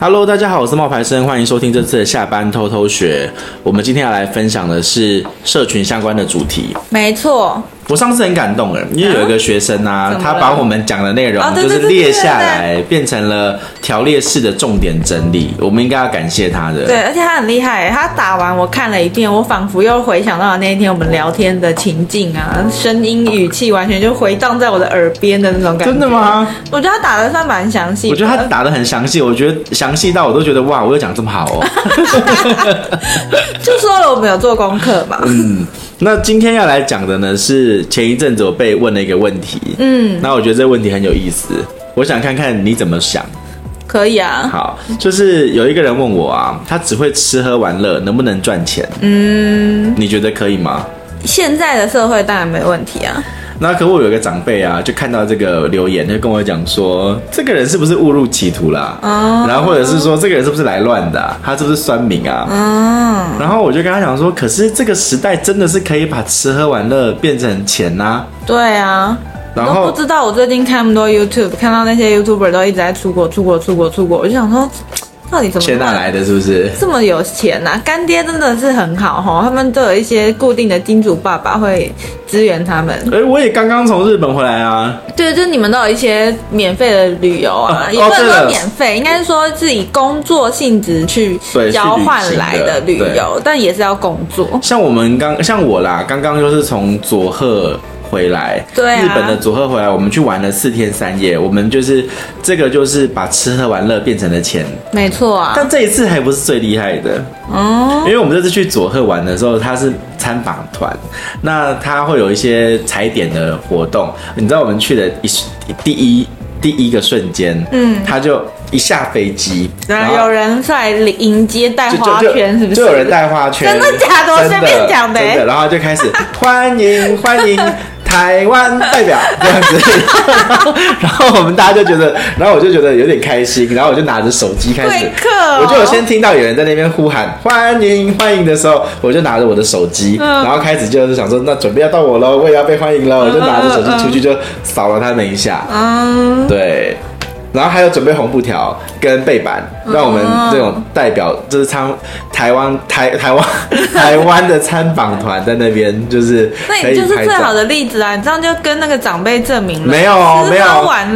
Hello，大家好，我是冒牌生，歡迎收聽這次的下班偷偷學。我們今天要來分享的是社群相關的主題，沒錯。我上次很感動耶，因為有一個學生啊，啊他把我們講的內容就是列下來，變成了條列式的重點整理。我們應該要感謝他的。對，而且他很厲害，他打完我看了一遍，我仿佛又回想到了那一天我們聊天的情境啊，聲音語氣完全就回盪在我的耳邊的那種感覺。真的嗎？我覺得他打得算詳細的算蠻詳細。我覺得他打得很詳細，我覺得詳細到我都覺得哇，我有講這麼好哦。 就說了我們有做功課嘛。嗯。那今天要來講的呢，是前一陣子我被問了一個問題。嗯，那我覺得這個問題很有意思，我想看看你怎麼想。可以啊。好，就是有一個人問我啊，他只會吃喝玩樂，能不能賺錢？嗯，你覺得可以嗎？現在的社會當然沒問題啊。那可我有一個長輩啊，就看到這個留言，就跟我講說，這個人是不是誤入歧途啦？啊，嗯、然後或者是說，這個人是不是來亂的、啊？他是不是酸民啊？嗯，然後我就跟他講說，可是這個時代真的是可以把吃喝玩樂變成錢吶、啊？對啊，然後不知道我最近看很多 YouTube，看到那些 YouTuber 都一直在出國，出國，出國，出國，我就想說。到底怎麼錢哪來的，是不是這麼有錢吶、啊？乾爹真的是很好哈，他們都有一些固定的金主爸爸會支援他們。哎、欸，我也剛剛從日本回來啊。對，就是你們都有一些免費的旅遊啊，哦、也不是說免費，哦、應該是說是以工作性質去交換來的旅遊，但也是要工作。像我們剛像我啦，剛剛就是從佐賀。回來，日本的佐賀回來，我們去玩了四天三夜，我們就是這個就是把吃喝玩樂變成了錢，沒錯啊。但這一次還不是最厲害的，哦，因為我們這次去佐賀玩的時候，他是參訪團，那他會有一些踩點的活動。你知道我們去的一第一第一個瞬間，嗯，他就一下飛機，然後有人出來迎接，帶花圈是不是？就有人帶花圈，真的假的？我隨便講的，然後就開始歡迎歡迎。台灣代表這樣子， 然後我們大家就覺得，然後我就覺得有點開心，然後我就拿着手機開始，我就有先聽到有人在那邊呼喊歡迎歡迎的時候，我就拿着我的手機，然後開始就是想說那準備要到我嘍，我也要被歡迎嘍，我就拿着手機出去就掃了他們一下，嗯，對。然後還有準備紅布條跟背板，讓我們這種代表就是參台灣台台灣台灣的參訪團在那邊，就是。那你就是最好的例子啊！你這樣就跟那個長輩證明了。沒有沒有，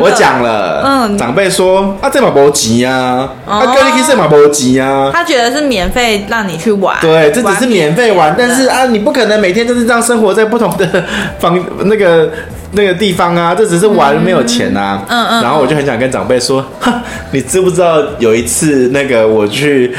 我講了，嗯，長輩說啊，這馬布吉啊，哥，你可以去賽馬布吉啊。啊他覺得是免費讓你去玩。對，這只是免費玩，玩但是啊，你不可能每天都是這樣生活在不同的房那個。那個地方啊，這只是玩，嗯、沒有錢啊。嗯嗯。嗯，然後我就很想跟長輩說，哈、嗯嗯，你知不知道有一次那個我去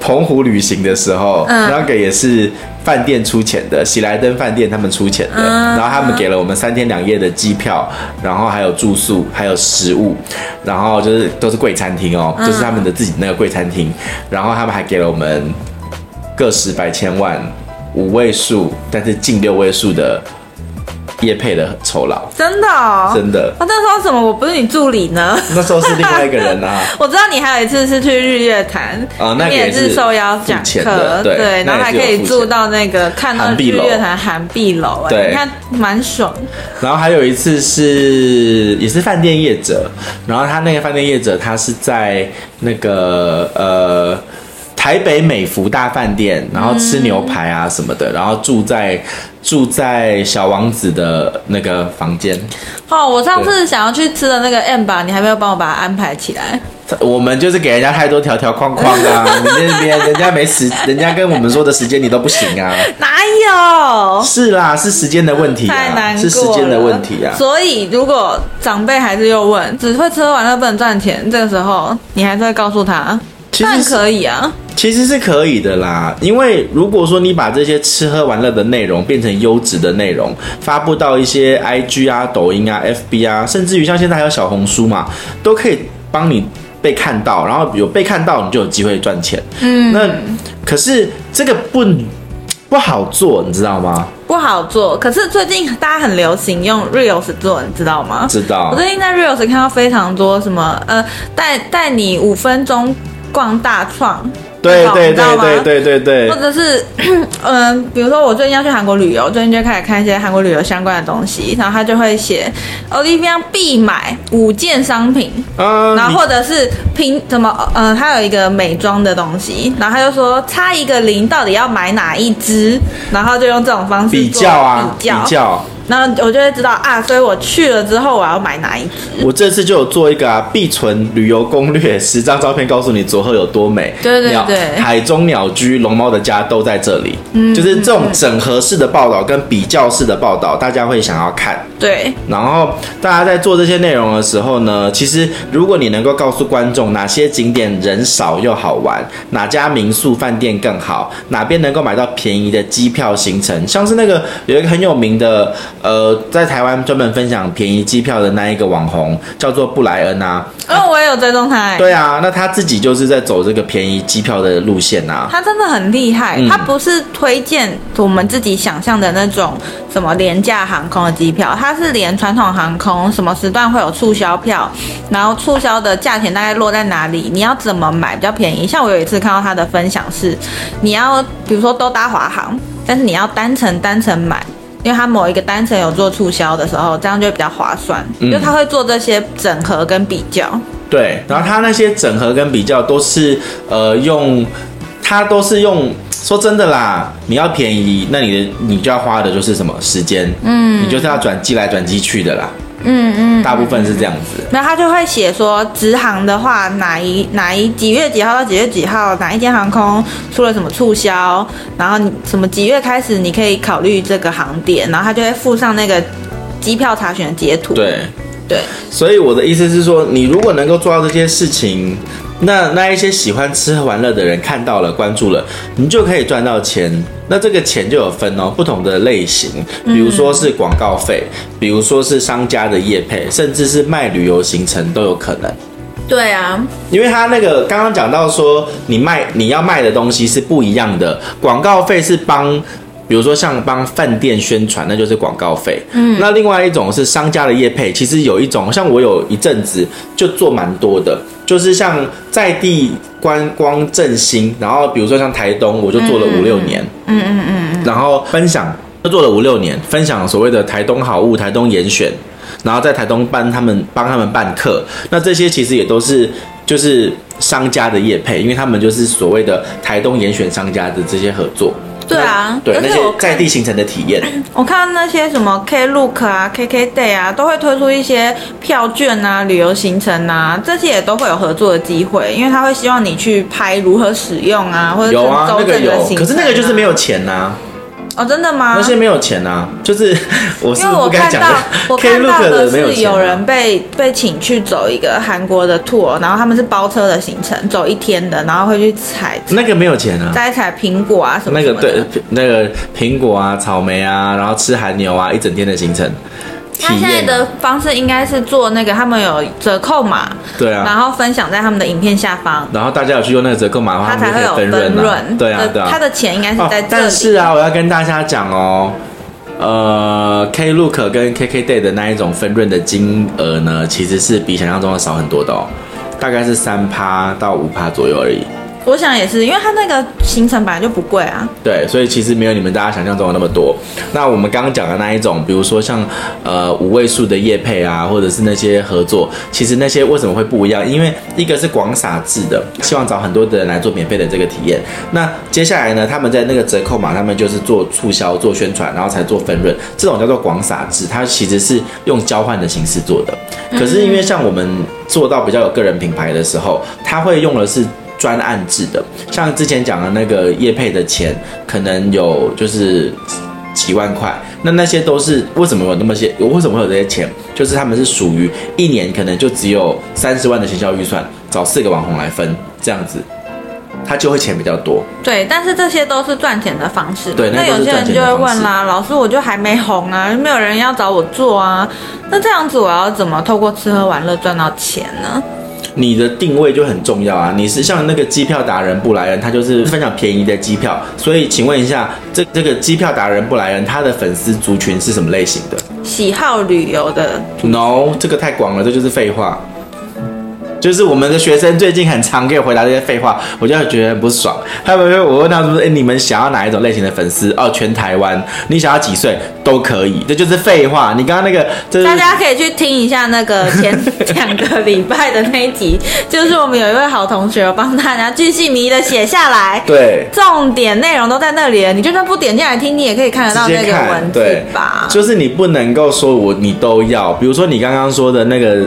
澎湖旅行的時候，嗯、那個也是飯店出錢的，喜來登飯店他們出錢的。嗯、然後他們給了我們三天兩夜的機票，然後還有住宿，還有食物，然後就是都是貴餐廳哦，嗯、就是他們的自己那個貴餐廳。然後他們還給了我們個十百千萬五位數，但是近六位數的。業配的酬勞，真的，哦、真的，真的、啊。那時候怎麼我不是你助理呢？那時候是另外一個人啊。 我知道你還有一次是去日月潭啊，也是受邀講課，對，對，然後還可以住到那個看到日月潭涵碧樓、欸，碧樓對，你看蠻爽。然後還有一次是也是飯店業者，然後他那個飯店業者他是在那個呃。台北美福大飯店，然後吃牛排啊什麼的，嗯、然後住在住在小王子的那個房間。好，哦，我上次想要去吃的那個 M 吧，對你還沒有幫我把它安排起來。我們就是給人家太多條條框框啊， 你那邊人家沒時， 人家跟我們說的時間你都不行啊。哪有？是啦，是時間的問題，啊，是時間的問題啊。所以如果長輩還是又問只會吃喝玩樂又不能賺錢，這個時候你還是會告訴他，其實但可以啊。其實是可以的啦，因為如果說你把這些吃喝玩樂的內容變成優質的內容，發布到一些 IG 啊、抖音啊、FB 啊，甚至於像現在還有小紅書嘛，都可以幫你被看到，然後有被看到，你就有機會賺錢。嗯，那可是這個不不好做，你知道嗎？不好做。可是最近大家很流行用 Reels 做，你知道嗎？知道。我最近在 Reels 看到非常多什麼呃，帶帶你五分鐘逛大創。對對對對對對對，或者是，嗯、呃，比如說我最近要去韓國旅遊，最近就開始看一些韓國旅遊相關的東西，然後他就會寫 Olivia 必買五件商品，嗯，然後或者是憑什麼，嗯、呃，他有一個美妝的東西，然後他就說差一個零，到底要買哪一支，然後就用這種方式比較，比較啊比較啊。那我就會知道啊，所以我去了之後我要買哪一支。我這次就有做一個啊，必存旅遊攻略，十張照片告訴你佐賀有多美。對對對，海中鳥居、龍貓的家都在這裡。嗯，就是這種整合式的報道跟比較式的報道，對大家會想要看。對。然後大家在做這些內容的時候呢，其實如果你能夠告訴觀眾哪些景點人少又好玩，哪家民宿飯店更好，哪邊能夠買到便宜的機票行程，像是那個有一個很有名的。呃，在台灣專門分享便宜機票的那一個網紅叫做布萊恩吶、啊。哦、啊呃，我也有追蹤他、欸。對啊，那他自己就是在走這個便宜機票的路線吶、啊。他真的很厲害，嗯、他不是推薦我們自己想象的那種什麼廉價航空的機票，他是連傳統航空什麼時段會有促銷票，然後促銷的價錢大概落在哪裡，你要怎麼買比較便宜？像我有一次看到他的分享是，你要比如說都搭華航，但是你要單程單程買。因為他某一個單程有做促銷的時候，這樣就會比較划算。就、嗯、他會做這些整合跟比較。對，然後他那些整合跟比較都是，呃，用他都是用。說真的啦，你要便宜，那你的你就要花的就是什麼時間？嗯，你就是要轉機來轉機去的啦。嗯嗯，嗯，大部分是這樣子。那他就會寫說，直航的話，哪一哪一幾月幾號到幾月幾號，哪一間航空出了什麼促銷，然後你什麼幾月開始你可以考慮這個航點，然後他就會附上那個機票查詢的截圖。對對，對所以我的意思是說，你如果能夠做到這件事情。那那一些喜歡吃喝玩樂的人看到了關注了，你就可以賺到錢。那這個錢就有分哦，不同的類型，比如說是廣告費，嗯。比如說是商家的業配，甚至是賣旅遊行程都有可能。對啊，因為他那個剛剛講到說，你賣你要賣的東西是不一樣的，廣告費是幫。比如說像幫飯店宣傳，那就是廣告費。嗯，那另外一種是商家的業配。其實有一種像我有一陣子就做蠻多的，就是像在地觀光振興。然後比如說像台東，我就做了五六年。嗯嗯嗯嗯。然後分享就做了五六年，分享所謂的台東好物、台東嚴選，然後在台東幫他們幫他們辦課。那這些其實也都是就是商家的業配，因為他們就是所謂的台東嚴選商家的這些合作。對啊，對，而且那些在地行程的體驗，我看到那些什麼 Klook 啊、KKday 啊，都會推出一些票券啊、旅遊行程啊，這些也都會有合作的機會，因為他會希望你去拍如何使用啊，或者是周正的行程、啊啊那個。可是那個就是沒有錢吶、啊。啊。哦，真的嗎？那些沒有錢吶、啊，就是 我是因為我看到不我看到的是有人被 被請去走一個韓國的 tour，然後他們是包車的行程， 走一天的，然後會去採那個沒有錢啊，再採蘋果啊什麼、什麼的那個，對，那個蘋果啊、草莓啊，然後吃韓牛啊，一整天的行程。他現在的方式應該是做那個，他們有折扣碼，對啊，然後分享在他們的影片下方，然後大家有去用那個折扣碼的話，他才會有分潤、啊，對啊，就對啊他的錢應該是在、哦、這裡。但是啊，我要跟大家講哦，呃，Klook、er、跟 KKday 的那一種分潤的金額呢，其實是比想象中的少很多的哦，大概是三趴到五趴左右而已。我想也是，因為它那個行程本來就不貴啊。對，所以其實沒有你們大家想象中的那麼多。那我們剛剛講的那一種，比如說像呃五位數的業配啊，或者是那些合作，其實那些為什麼會不一樣？因為一個是廣撒制的，希望找很多的人來做免費的這個體驗。那接下來呢，他們在那個折扣碼，他們就是做促銷、做宣傳，然後才做分潤，這種叫做廣撒制，它其實是用交換的形式做的。可是因為像我們做到比較有個人品牌的時候，他會用的是。專案制的，像之前講的那個業配的錢，可能有就是幾萬塊，那那些都是為什麼有那麼些，我為什麼會有這些錢？就是他們是屬於一年可能就只有三十萬的行銷預算，找四個網紅來分這樣子，他就會錢比較多。對，但是這些都是賺錢的方式。對，那，那有些人就會問啦、啊，老師，我就還沒紅啊，沒有人要找我做啊，那這樣子我要怎麼透過吃喝玩樂賺到錢呢？你的定位就很重要啊！你是像那個機票達人布萊恩，他就是分享便宜的機票，所以請問一下，這這個機票達人布萊恩，他的粉絲族群是什麼類型的？喜好旅遊的？No，這個太廣了，這就是廢話。就是我們的學生最近很常給我回答這些廢話，我就會覺得很不爽。他們我問他是不是？哎、欸，你們想要哪一種類型的粉絲？哦，全台灣，你想要幾歲都可以。這就，就是廢話。你剛剛那個，大家可以去聽一下那個前兩個禮拜的那一集， 就是我們有一位好同學幫大家巨細靡遺地寫下來。對，重點內容都在那裡了。你就算不點進來聽你也可以看得到那個文字吧。就是你不能夠說我你都要，比如說你剛剛說的那個。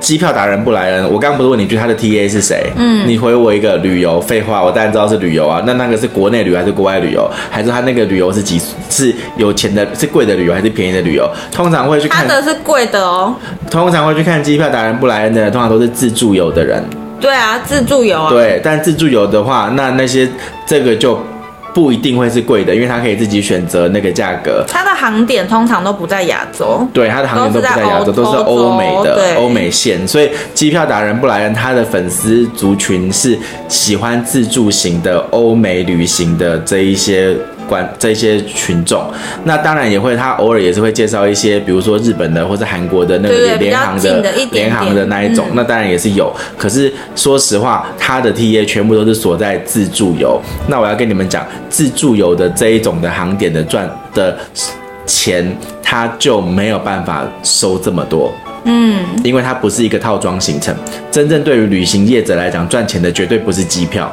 機票達人布萊恩，我剛不是問你句他的 TA 是誰？嗯，你回我一個旅遊廢話，我當然知道是旅遊啊。那那個是國內旅遊還是國外旅遊？還是他那個旅遊是幾是有錢的，是貴的旅遊還是便宜的旅遊？通常會去看，他的是貴的哦。通常會去看機票達人布萊恩的，通常都是自助遊的人。對啊，自助遊啊。對，但自助遊的話，那那些這個就。不一定會是貴的，因為他可以自己選擇那個價格。他的航點通常都不在亞洲，對，他的航點都不在亞洲，都是歐美的歐對美線。所以，機票達人布萊恩，他的粉絲族群是喜歡自助型的歐美旅行的這一些。管這些群眾，那當然也會，他偶爾也是會介紹一些，比如說日本的或是韓國的那個聯航的聯航的那一種，嗯、那當然也是有。可是說實話，他的 TA 全部都是鎖在自助遊。那我要跟你們講，自助遊的這一種的航點的賺的錢，他就沒有辦法收這麼多。嗯，因為它不是一個套裝行程。真正對於旅行業者來講，賺錢的絕對不是機票。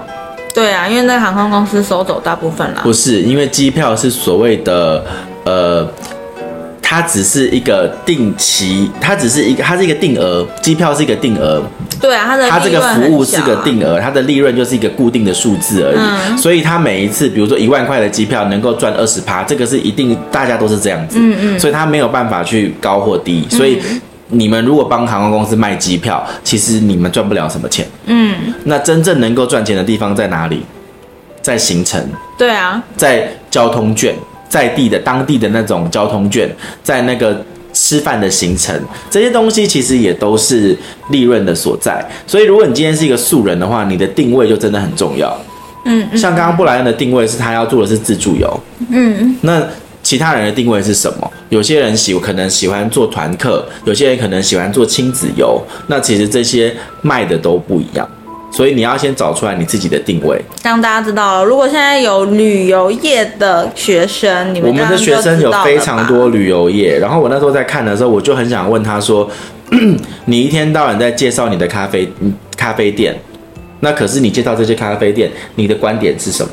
對啊，因為在航空公司收走大部分啦。不是，因為機票是所謂的，呃，它只是一個定期，它只是一個，它是一個定額，機票是一個定額。對啊，它的利潤很小。它這個服務是個定額，它的利潤就是一個固定的數字而已。嗯、所以它每一次，比如說一萬塊的機票能夠賺二十趴，這個是一定，大家都是這樣子。嗯嗯。所以它沒有辦法去高或低，嗯、所以。你們如果幫航空公司賣機票，其實你們賺不了什麼錢。嗯，那真正能夠賺錢的地方在哪裡？在行程。對啊，在交通券，在地的當地的那種交通券，在那個吃飯的行程，這些東西其實也都是利潤的所在。所以，如果你今天是一個素人的話，你的定位就真的很重要。嗯，嗯，像剛剛布萊恩的定位是他要做的是自助遊。嗯，那。其他人的定位是什麼？有些人喜可能喜歡做團客，有些人可能喜歡做親子遊。那其實這些賣的都不一樣，所以你要先找出來你自己的定位。讓大家知道了，如果現在有旅遊業的學生，你們我們的學生有非常多旅遊業。然後我那時候在看的時候，我就很想問他說 ：“你一天到晚在介紹你的咖啡咖啡店，那可是你介紹這些咖啡店，你的觀點是什麼？”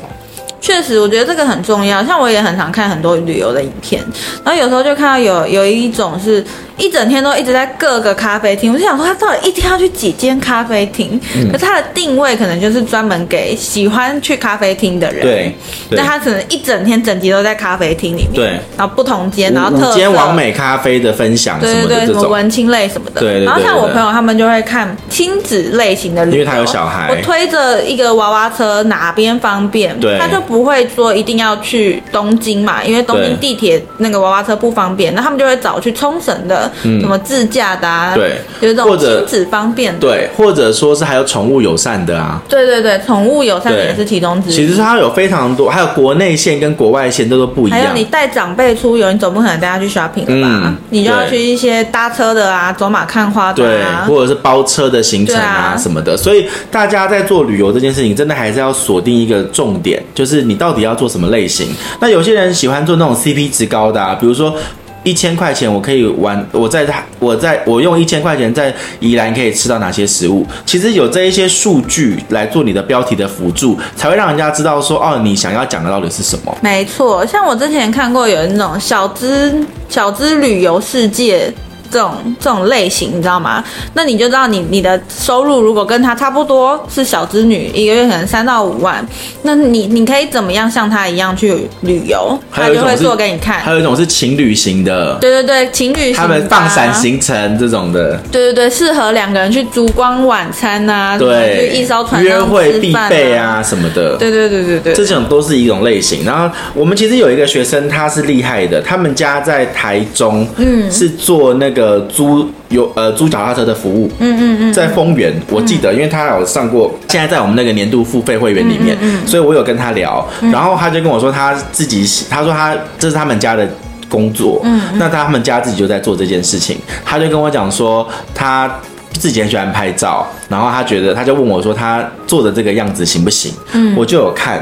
確實，我覺得這個很重要。像我也很常看很多旅遊的影片，然後有時候就看到有有一種是。一整天都一直在各個咖啡廳，我就想說他到底一天要去幾間咖啡廳？嗯、可是他的定位可能就是專門給喜歡去咖啡廳的人。對，那他可能一整天整集都在咖啡廳裡面。對，然後不同間，然後特色、嗯、網美咖啡的分享什麼的這種。對對對，什麼文青類什麼的。對對，對，對對。然後像我朋友他們就會看親子類型的旅遊，因為他有小孩，我推着一個娃娃車哪邊方便，對他就不會說一定要去東京嘛，因為東京地鐵那個娃娃車不方便，那他們就會找去沖繩的。嗯、什麼自駕的、啊？對，有這種親子方便的，對，或者說是還有寵物友善的啊。對對對，寵物友善也是其中之一。其實它有非常多，還有國內線跟國外線，都都不一樣。還有你帶長輩出遊，你總不可能帶他去 shopping 了吧？嗯、你就要去一些搭車的啊，走馬看花的、啊，對，或者是包車的行程啊，啊什麼的。所以大家在做旅遊這件事情，真的還是要鎖定一個重點，就是你到底要做什麼類型。那有些人喜歡做那種 CP 值高的，啊，比如說。一千塊錢我可以玩，我在我在我用一千塊錢在宜蘭可以吃到哪些食物？其實有這一些數據來做你的標題的輔助，才會讓人家知道說，哦，你想要講的到底是什麼？沒錯，像我之前看過有那種小資小資旅遊世界。這種這種類型，你知道嗎？那你就知道你你的收入如果跟他差不多，是小資女，一個月可能三到五萬，那你你可以怎麼樣像他一樣去旅遊？他就會做給你看。還有，還有一種是情侶型的，對對對，情侶型、啊、他們放閃行程這種的，對對對，適合兩個人去燭光晚餐吶、啊，對，是是去一艘船、啊、約會必備啊什麼的，對對，對對對對對，這種都是一種類型。然後我們其實有一個學生他是厲害的，他們家在台中，嗯，是做那個。嗯呃，租有呃，租腳踏車的服務，嗯嗯嗯，在豐原。我記得，因為他有上過，現在在我們那個年度付費會員裡面，所以我有跟他聊，然後他就跟我說他自己，他說他這是他們家的工作，嗯，那他們家自己就在做這件事情，他就跟我講說他自己很喜歡拍照，然後他覺得，他就問我說他做的這個樣子行不行，嗯，我就有看。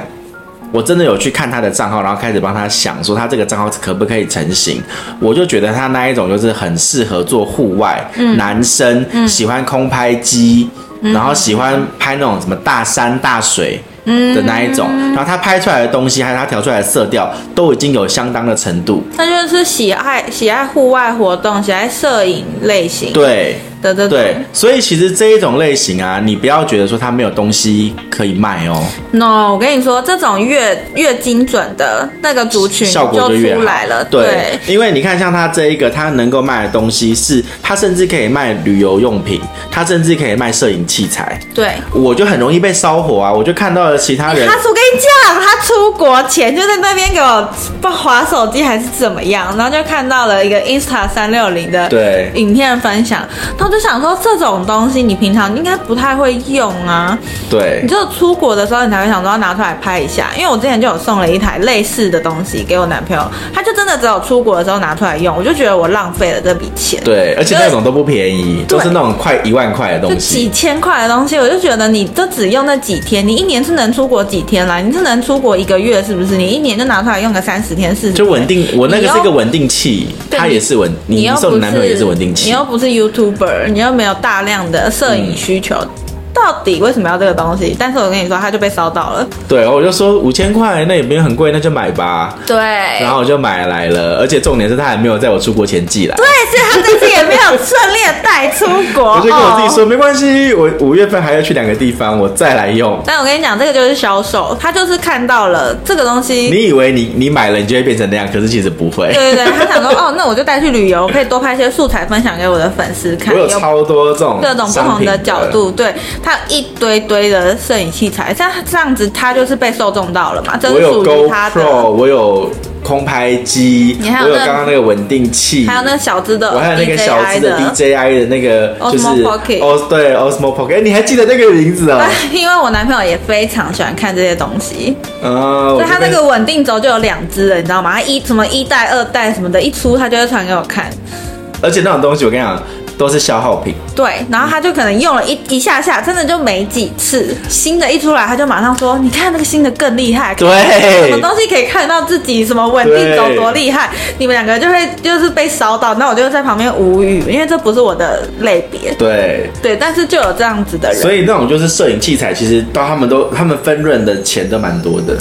我真的有去看他的賬號，然後開始幫他想說他這個賬號可不可以成型。我就覺得他那一種就是很適合做戶外，嗯、男生、嗯、喜歡空拍機，然後喜歡拍那種什麼大山大水。嗯。的那一種，嗯、然後他拍出來的東西，還有他調出來的色調，都已經有相當的程度。他就是喜愛喜愛戶外活動，喜愛攝影類型。對，對對對，對。所以其實這一種類型啊，你不要覺得說他沒有東西可以賣哦、喔。No，我跟你說，這種越越精準的那個族群，效果就越好，就出來了。對，對因為你看，像他這一個，他能夠賣的東西是，他甚至可以賣旅遊用品，他甚至可以賣攝影器材。對，我就很容易被燒火啊，我就看到。其他人，他說我跟你講，他出國前就在那邊給我滑手機還是怎麼樣，然後就看到了一個 Insta 360的對影片分享，他對就想說這種東西你平常應該不太會用啊，對，你只有出國的時候你才會想說要拿出來拍一下，因為我之前就有送了一台類似的東西給我男朋友，他就真的只有出國的時候拿出來用，我就覺得我浪費了這筆錢，對，而且那種都不便宜，就是，都是那種快一萬塊的東西，就幾千塊的東西，我就覺得你就只用那幾天，你一年是能。能出國幾天啦？你是能出國一個月，是不是？你一年就拿出來用個三十天、四十天，就穩定。我那個是一個穩定器，它也是穩。你要送男朋友也是穩定器。你又不是 YouTuber，你又沒有大量的攝影需求。嗯到底為什麼要這個東西？但是我跟你說，他就被燒到了。對，我就說五千塊，那也沒有很貴，那就買吧。對。然後我就買來了，而且重點是他還沒有在我出國前寄來。對，是他這次也沒有順利帶出國。 我就跟我弟說，哦、沒關係，我五月份還要去兩個地方，我再來用。但我跟你講，這個就是銷售，他就是看到了這個東西。你以為你你買了，你就會變成那樣？可是其實不會。對對對，他想說，哦，那我就帶去旅遊，可以多拍一些素材分享給我的粉絲看，我有超多這種各種不同的角度，對。他有一堆堆的攝影器材，像這，這樣子，他就是被受眾到了嘛。是的，我有 GoPro，我有空拍機，你還有剛剛那個穩定器，還有那小只的，的我還有那個小只的 DJI 的那個、就是、，pocket。哦、oh, 對，Osmo Pocket，哎你還記得那個名字啊、喔？因為我男朋友也非常喜歡看這些東西哦，uh, 所以他那個穩定軸就有兩只了，你知道嗎？他一什麼一代、二代什麼的，一出他就會傳給我看。而且那種東西，我跟你講。都是消耗品，對，然後他就可能用了一一下下，嗯、真的就沒幾次。新的，一出來他就馬上說：“你看那個新的更厲害。”對，什麼東西可以看到自己什麼穩定度多厲害？對你們兩個就會就是被燒到，那我就在旁邊無語，因為這不是我的類別。對對，但是就有這樣子的人。所以那種就是攝影器材，其實到他們都他們分潤的錢都蠻多的。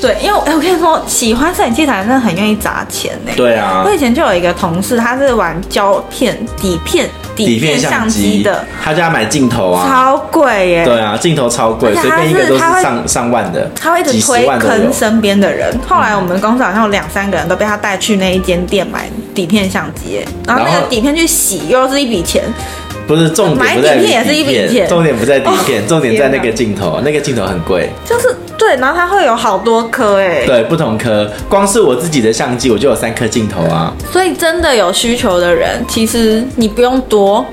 對，因為我我跟你說，喜歡攝影器材真的很願意砸錢呢。對啊，我以前就有一個同事，他是玩膠片底片底片相機的，他就要買鏡頭啊，超貴耶。對啊，鏡頭超貴，隨便一個都是上上萬的，他會一直推坑身邊的人。後來我們公司好像有兩三個人都被他帶去那一間店買底片相機，然後那個底片去洗又是一筆錢，不是重點，買底片也是一筆錢，重點不在底片，重點在那個鏡頭，那個鏡頭很貴，就是。對，然後它會有好多顆哎、欸，對，不同顆光是我自己的相機，我就有三顆鏡頭啊。所以真的有需求的人，其實你不用多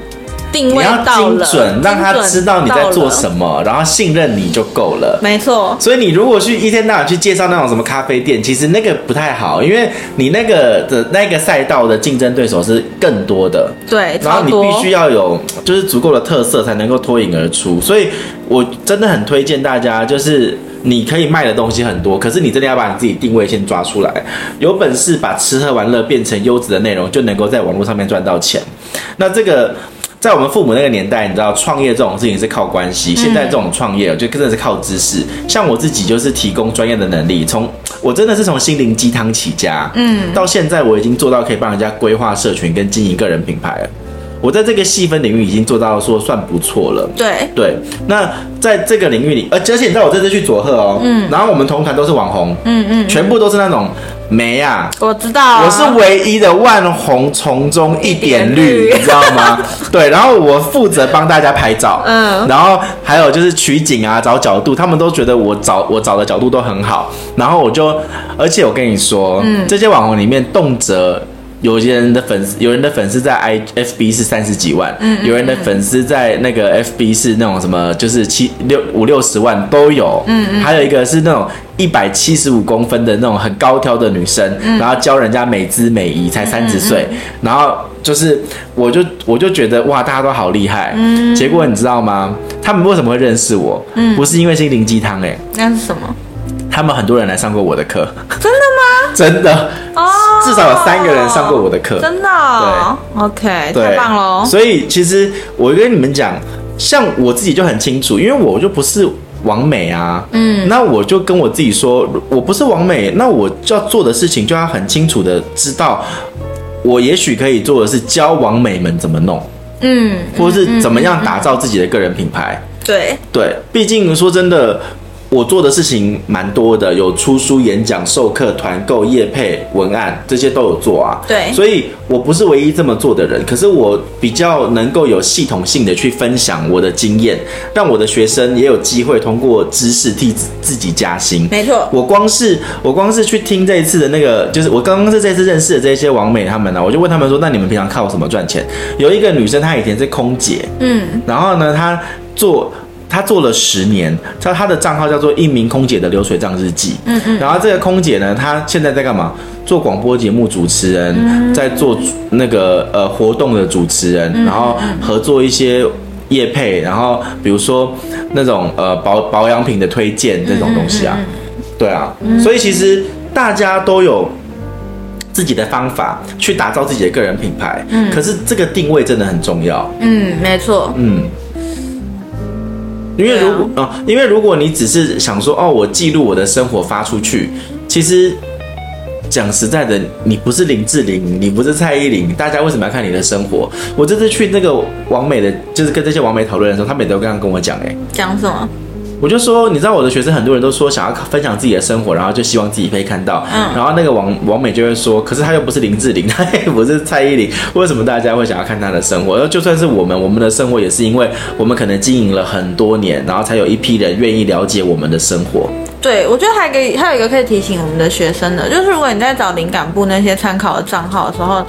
定位，你要精準，讓他知道你在做什麼，了然後信任你就夠了。沒錯。所以你如果去一天到晚去介紹那種什麼咖啡店，其實那個不太好，因為你那個的那個賽道的競爭對手是更多的。對，然後你必須要有就是足夠的特色才能夠脫穎而出。所以我真的很推薦大家就是。你可以賣的東西很多，可是你真的要把你自己定位先抓出來。有本事把吃喝玩樂變成優質的內容，就能夠在網絡上面賺到錢。那這個，在我們父母那個年代，你知道創業這種事情是靠關係，現在這種創業，嗯，就真的是靠知識。像我自己就是提供專業的能力，從我真的是從心靈雞湯起家，嗯，到現在我已經做到可以幫人家規劃社群跟經營個人品牌了。我在這個細分領域已經做到說算不錯了。對對，那在這個領域裡，而且你知道，在我這次去佐賀哦、喔，嗯，然後我們同團都是網紅，嗯嗯，嗯，全部都是那種沒啊，我知道、啊，我是唯一的萬紅叢中一點,一點綠，你知道嗎？ 對，然後我負責幫大家拍照，嗯，然後還有就是取景啊，找角度，他們都覺得我找我找的角度都很好，然後我就，而且我跟你說，嗯，這些網紅裡面動輒。有些人的粉絲，有人的粉絲在 I FB 是三十幾萬，嗯，有人的粉絲在那個 FB 是那種什麼，就是七六五六十萬都有，嗯，嗯還有一個是那種一百七十五公分的那種很高挑的女生，嗯、然後教人家美姿美儀才三十歲，嗯嗯嗯、然後就是我就我就覺得哇，大家都好厲害，嗯，結果你知道嗎？他們為什麼會認識我？嗯，不是因為心靈雞湯哎，那是什麼？他們很多人來上過我的課，真的。真的，至少有三個人上過我的課、哦。真的、哦，對，OK，對，太棒了、哦。所以其實我跟你們講，像我自己就很清楚，因為我就不是網美啊。嗯，那我就跟我自己說，我不是網美，那我就要做的事情就要很清楚的知道，我也許可以做的是教網美們怎麼弄，嗯，或是怎麼樣打造自己的個人品牌。對、嗯嗯嗯嗯，對，畢竟說真的。我做的事情蠻多的，有出書、演講、授課、團購、業配、文案，這些都有做啊。對，所以我不是唯一這麼做的人，可是我比較能夠有系統性的去分享我的經驗，讓我的學生也有機會通過知識替自己加薪。沒錯，我光是我光是去聽這一次的那個，就是我剛剛是這次認識的這些網美他們呢、啊，我就問他們說，那你們平常靠什麼賺錢？有一個女生，她以前是空姐，嗯，然後呢，她做。他做了十年，他他的賬號叫做一名空姐的流水賬日記。嗯哼。然後這個空姐呢，她現在在幹嘛？做廣播節目主持人，嗯哼。在做那個呃活動的主持人，嗯哼。然後合作一些業配，然後比如說那種呃保保養品的推薦這種東西啊。嗯哼。對啊，嗯哼。所以其實大家都有自己的方法去打造自己的個人品牌。嗯，可是這個定位真的很重要。嗯，沒錯。嗯。因為如果啊，啊，因為如果你只是想說哦，我記錄我的生活發出去，其實講實在的，你不是林志玲，你不是蔡依林，大家為什麼要看你的生活？我這次去那個網美的，就是跟這些網美討論的時候，他們也都這樣跟我講，欸，誒，講什麼？我就說，你知道我的學生很多人都說想要分享自己的生活，然後就希望自己可以看到。嗯，然後那個王王美就會說，可是他又不是林志玲，他也不是蔡依林，為什麼大家會想要看他的生活？而就算是我們，我們的生活也是因為我們可能經營了很多年，然後才有一批人願意了解我們的生活。對，我覺得還可以，還有一個可以提醒我們的學生的，就是如果你在找靈感部那些參考的賬號的時候。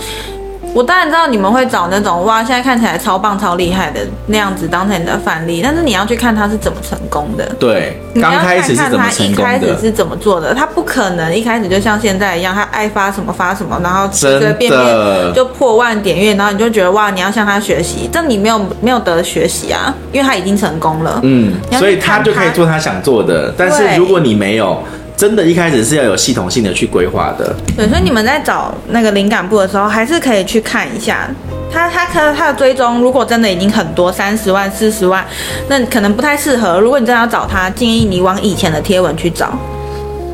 我當然知道你們會找那種哇，現在看起來超棒，超厲害的那樣子當成你的範例，但是你要去看他是怎麼成功的。對，剛開始你要看看他一開始是怎麼做的，他不可能一開始就像現在一樣，他愛發什麼發什麼，然後隨隨便便就破萬點閱，的然後你就覺得哇，你要向他學習。這你沒有沒有得學習啊，因為他已經成功了。嗯，看看所以他就可以做他想做的，對但是如果你沒有。真的，一開始是要有系統性的去規劃的。對，所以你們在找那個靈感部的時候，還是可以去看一下他他他的追蹤。如果真的已經很多三十萬、四十萬，那可能不太適合。如果你真的要找他，建議你往以前的貼文去找。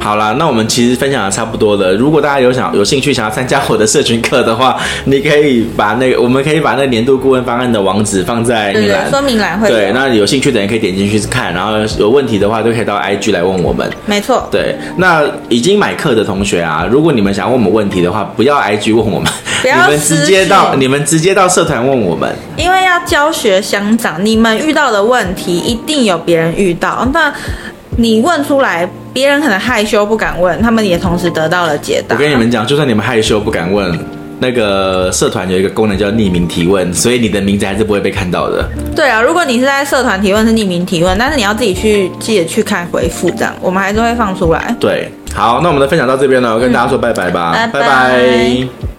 好啦，那我們其實分享的差不多了。如果大家有想有興趣想要參加我的社群課的話，你可以把那個，我們可以把那個年度顧問方案的網址放在你說明欄會，對。那有興趣的人可以點進去看，然後有問題的話都可以到 IG 來問我們。沒錯錯，對。那已經買課的同學啊，如果你們想問我們問題的話，不要 IG 問我們，不要直接到 你們直接到你們直接到社團問我們，因為要教學相長，你們遇到的問題一定有別人遇到，那你問出來。別人可能害羞不敢問，他們也同時得到了解答。我跟你們講，就算你們害羞不敢問，那個社團有一個功能叫匿名提問，所以你的名字還是不會被看到的。對啊，如果你是在社團提問是匿名提問，但是你要自己去記得去看回覆這樣，我們還是會放出來。對，好，那我們的分享到這邊了，我跟大家說拜拜吧，嗯，拜拜。拜拜。